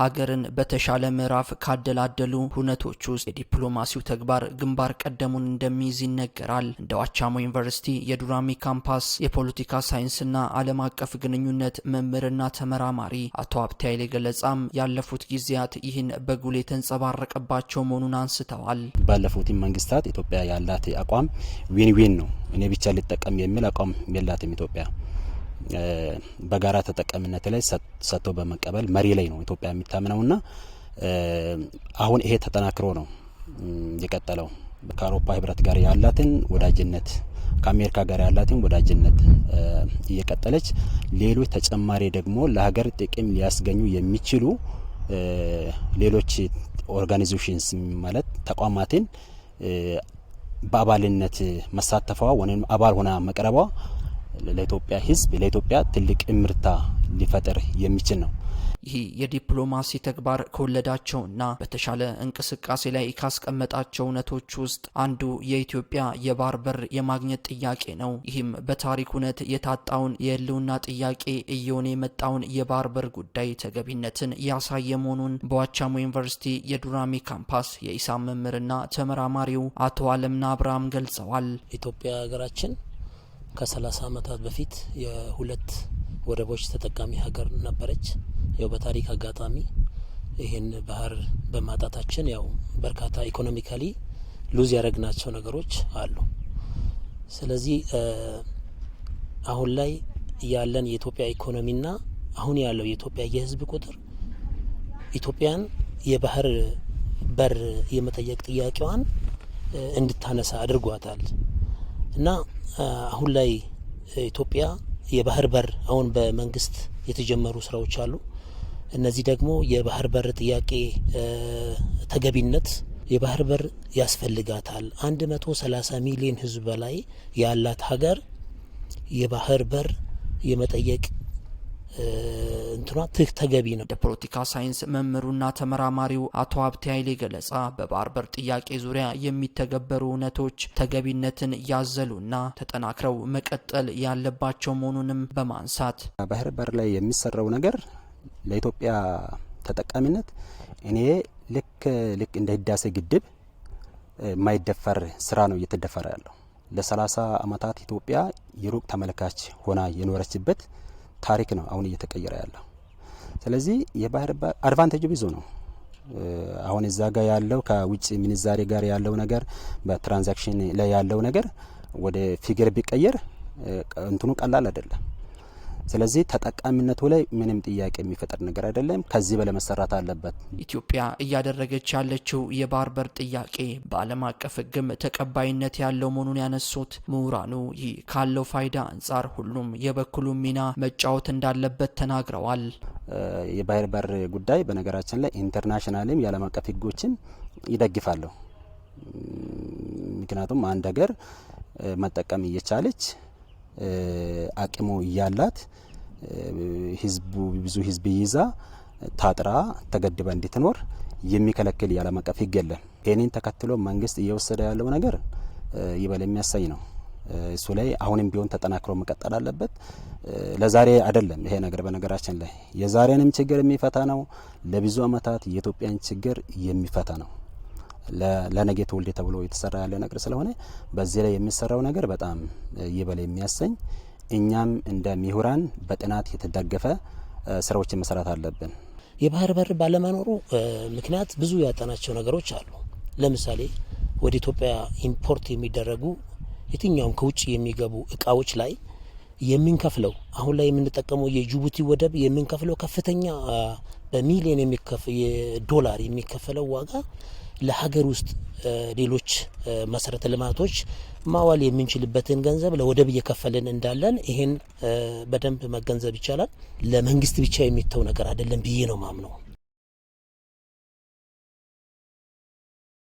ሀገርን በተሻለ ምዕራፍ ካደላደሉ ሁነቶች ውስጥ የዲፕሎማሲው ተግባር ግንባር ቀደሙን እንደሚይዝ ይነገራል። እንደ ዋቻሞ ዩኒቨርሲቲ የዱራሜ ካምፓስ የፖለቲካ ሳይንስና ዓለም አቀፍ ግንኙነት መምህርና ተመራማሪ አቶ ሀብቴ ኃይሌ ገለጻም ያለፉት ጊዜያት ይህን በጉል የተንጸባረቀባቸው መሆኑን አንስተዋል። ባለፉትም መንግስታት ኢትዮጵያ ያላት አቋም ዊን ዊን ነው፣ እኔ ብቻ ልጠቀም የሚል አቋም የላትም ኢትዮጵያ በጋራ ተጠቃሚነት ላይ ሰጥቶ በመቀበል መሪ ላይ ነው ኢትዮጵያ ና አሁን ይሄ ተጠናክሮ ነው የቀጠለው። ከአውሮፓ ህብረት ጋር ያላትን ወዳጅነት ከአሜሪካ ጋር ያላትን ወዳጅነት እየቀጠለች ሌሎች ተጨማሪ ደግሞ ለሀገር ጥቅም ሊያስገኙ የሚችሉ ሌሎች ኦርጋኒዜሽንስ ማለት ተቋማትን በአባልነት መሳተፈዋ ወይም አባል ሆና መቅረቧ ለኢትዮጵያ ህዝብ ለኢትዮጵያ ትልቅ እምርታ ሊፈጥር የሚችል ነው። ይህ የዲፕሎማሲ ተግባር ከወለዳቸውና በተሻለ እንቅስቃሴ ላይ ካስቀመጣቸው እውነቶች ውስጥ አንዱ የኢትዮጵያ የባህር በር የማግኘት ጥያቄ ነው። ይህም በታሪክ እውነት የታጣውን የህልውና ጥያቄ እየሆነ የመጣውን የባህር በር ጉዳይ ተገቢነትን ያሳየ መሆኑን በዋቻሞ ዩኒቨርሲቲ የዱራሜ ካምፓስ የኢሳም መምህርና ተመራማሪው አቶ አለምና አብርሃም ገልጸዋል። ኢትዮጵያ ሀገራችን ከ ከ30 ዓመታት በፊት የሁለት ወደቦች ተጠቃሚ ሀገር ነበረች። ያው በታሪክ አጋጣሚ ይህን ባህር በማጣታችን ያው በርካታ ኢኮኖሚካሊ ሉዝ ያደረግናቸው ነገሮች አሉ። ስለዚህ አሁን ላይ ያለን የኢትዮጵያ ኢኮኖሚና አሁን ያለው የኢትዮጵያ የህዝብ ቁጥር ኢትዮጵያን የባህር በር የመጠየቅ ጥያቄዋን እንድታነሳ አድርጓታል። እና አሁን ላይ ኢትዮጵያ የባህር በር አሁን በመንግስት የተጀመሩ ስራዎች አሉ። እነዚህ ደግሞ የባህር በር ጥያቄ ተገቢነት የባህር በር ያስፈልጋታል። መቶ ሰላሳ ሚሊዮን ህዝብ በላይ ያላት ሀገር የባህር በር የመጠየቅ እንትኗ ትህ ተገቢ ነው። የፖለቲካ ሳይንስ መምህሩና ተመራማሪው አቶ ሀብቴ ኃይሌ ገለጻ በባህር በር ጥያቄ ዙሪያ የሚተገበሩ እውነቶች ተገቢነትን ያዘሉና ተጠናክረው መቀጠል ያለባቸው መሆኑንም በማንሳት ባህር በር ላይ የሚሰራው ነገር ለኢትዮጵያ ተጠቃሚነት እኔ ልክ ልክ እንደ ህዳሴ ግድብ የማይደፈር ስራ ነው እየተደፈረ ያለው። ለሰላሳ አመታት ኢትዮጵያ የሩቅ ተመልካች ሆና የኖረችበት ታሪክ ነው አሁን እየተቀየረ ያለው። ስለዚህ የባህር አድቫንቴጅ ብዙ ነው። አሁን እዛ ጋር ያለው ከውጭ ምንዛሬ ጋር ያለው ነገር በትራንዛክሽን ላይ ያለው ነገር ወደ ፊገር ቢቀየር እንትኑ ቀላል አይደለም። ስለዚህ ተጠቃሚነቱ ላይ ምንም ጥያቄ የሚፈጥር ነገር አይደለም። ከዚህ በላይ መሰራት አለበት። ኢትዮጵያ እያደረገች ያለችው የባህር በር ጥያቄ በዓለም አቀፍ ሕግም ተቀባይነት ያለው መሆኑን ያነሱት ምሁራኑ ይህ ካለው ፋይዳ አንጻር ሁሉም የበኩሉ ሚና መጫወት እንዳለበት ተናግረዋል። የባህር በር ጉዳይ በነገራችን ላይ ኢንተርናሽናልም የዓለም አቀፍ ሕጎችን ይደግፋለሁ። ምክንያቱም አንድ ሀገር መጠቀም እየቻለች አቅሙ እያላት ህዝቡ ብዙ ህዝብ ይዛ ታጥራ ተገድባ እንድትኖር የሚከለክል የዓለም አቀፍ ህግ የለም። ይህንን ተከትሎ መንግስት እየወሰደ ያለው ነገር ይበል የሚያሰኝ ነው። እሱ ላይ አሁንም ቢሆን ተጠናክሮ መቀጠል አለበት። ለዛሬ አይደለም ይሄ ነገር በነገራችን ላይ የዛሬንም ችግር የሚፈታ ነው። ለብዙ አመታት የኢትዮጵያን ችግር የሚፈታ ነው። ለነገ ትውልድ ተብሎ የተሰራ ያለ ነገር ስለሆነ በዚህ ላይ የሚሰራው ነገር በጣም ይበል የሚያሰኝ እኛም እንደ ምሁራን በጥናት የተደገፈ ስራዎችን መሰራት አለብን። የባህር በር ባለመኖሩ ምክንያት ብዙ ያጣናቸው ነገሮች አሉ። ለምሳሌ ወደ ኢትዮጵያ ኢምፖርት የሚደረጉ የትኛውም ከውጭ የሚገቡ እቃዎች ላይ የምንከፍለው አሁን ላይ የምንጠቀመው የጅቡቲ ወደብ የምንከፍለው ከፍተኛ በሚሊዮን ዶላር የሚከፈለው ዋጋ ለሀገር ውስጥ ሌሎች መሰረተ ልማቶች ማዋል የምንችልበትን ገንዘብ ለወደብ እየከፈልን እንዳለን ይህን በደንብ መገንዘብ ይቻላል። ለመንግስት ብቻ የሚተው ነገር አይደለም ብዬ ነው ማምነው።